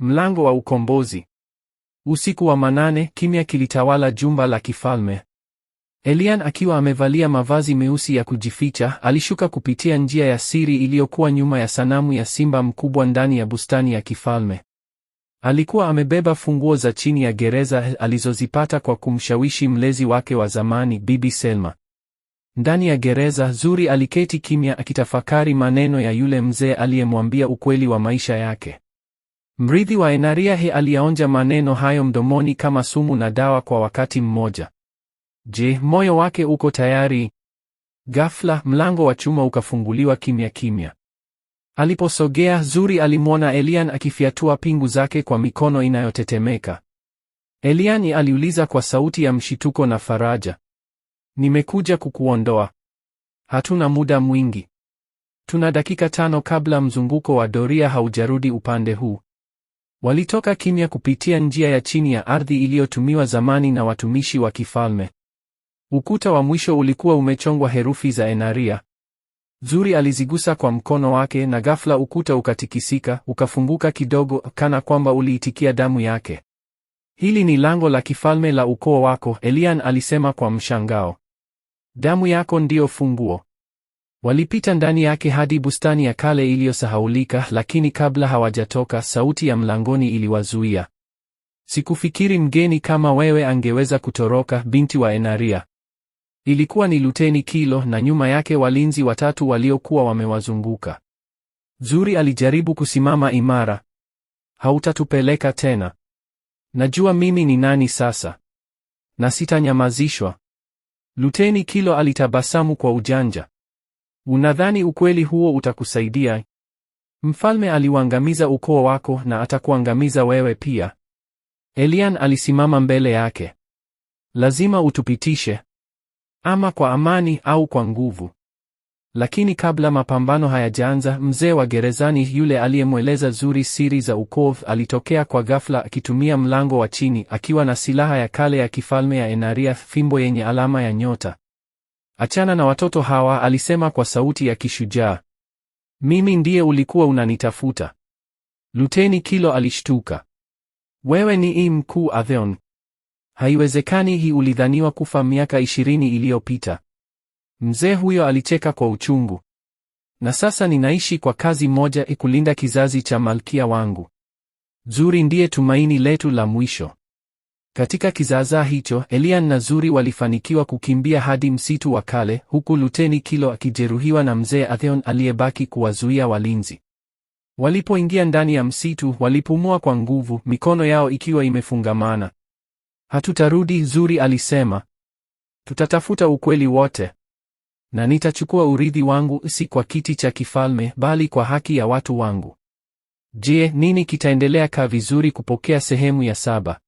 Mlango wa ukombozi. Usiku wa manane, kimya kilitawala jumba la kifalme. Elian akiwa amevalia mavazi meusi ya kujificha, alishuka kupitia njia ya siri iliyokuwa nyuma ya sanamu ya simba mkubwa ndani ya bustani ya kifalme. Alikuwa amebeba funguo za chini ya gereza alizozipata kwa kumshawishi mlezi wake wa zamani, Bibi Selma. Ndani ya gereza, Zuri aliketi kimya akitafakari maneno ya yule mzee aliyemwambia ukweli wa maisha yake. Mrithi wa Enariahi aliyaonja maneno hayo mdomoni kama sumu na dawa kwa wakati mmoja. Je, moyo wake uko tayari? Ghafla mlango wa chuma ukafunguliwa kimya kimya. Aliposogea, Zuri alimwona Elian akifyatua pingu zake kwa mikono inayotetemeka. Elian aliuliza kwa sauti ya mshituko na faraja, nimekuja kukuondoa, hatuna muda mwingi, tuna dakika tano kabla mzunguko wa doria haujarudi upande huu. Walitoka kimya kupitia njia ya chini ya ardhi iliyotumiwa zamani na watumishi wa kifalme. Ukuta wa mwisho ulikuwa umechongwa herufi za Enaria. Zuri alizigusa kwa mkono wake na ghafla ukuta ukatikisika, ukafunguka kidogo kana kwamba uliitikia damu yake. Hili ni lango la kifalme la ukoo wako, Elian alisema kwa mshangao. Damu yako ndiyo funguo. Walipita ndani yake hadi bustani ya kale iliyosahaulika, lakini kabla hawajatoka, sauti ya mlangoni iliwazuia. Sikufikiri mgeni kama wewe angeweza kutoroka, binti wa Enaria. Ilikuwa ni Luteni Kilo na nyuma yake walinzi watatu waliokuwa wamewazunguka. Zuri alijaribu kusimama imara. Hautatupeleka tena. Najua mimi ni nani sasa, na sitanyamazishwa. Luteni Kilo alitabasamu kwa ujanja. Unadhani ukweli huo utakusaidia? Mfalme aliuangamiza ukoo wako na atakuangamiza wewe pia. Elian alisimama mbele yake. Lazima utupitishe, ama kwa amani au kwa nguvu. Lakini kabla mapambano hayajaanza, mzee wa gerezani yule aliyemweleza Zuri siri za ukoo alitokea kwa ghafla akitumia mlango wa chini akiwa na silaha ya kale ya kifalme ya enaria fimbo yenye alama ya nyota. Achana na watoto hawa, alisema kwa sauti ya kishujaa. Mimi ndiye ulikuwa unanitafuta. Luteni Kilo alishtuka. Wewe ni i mkuu Atheon? Haiwezekani, hii ulidhaniwa kufa miaka ishirini iliyopita. Mzee huyo alicheka kwa uchungu. Na sasa ninaishi kwa kazi moja, ikulinda kizazi cha malkia wangu. Zuri ndiye tumaini letu la mwisho. Katika kizaazaa hicho, Elian na Zuri walifanikiwa kukimbia hadi msitu wa kale, huku Luteni Kilo akijeruhiwa na mzee Atheon aliyebaki kuwazuia walinzi. Walipoingia ndani ya msitu, walipumua kwa nguvu, mikono yao ikiwa imefungamana. Hatutarudi, Zuri alisema. Tutatafuta ukweli wote. Na nitachukua urithi wangu si kwa kiti cha kifalme bali kwa haki ya watu wangu. Je, nini kitaendelea kaa vizuri kupokea sehemu ya saba?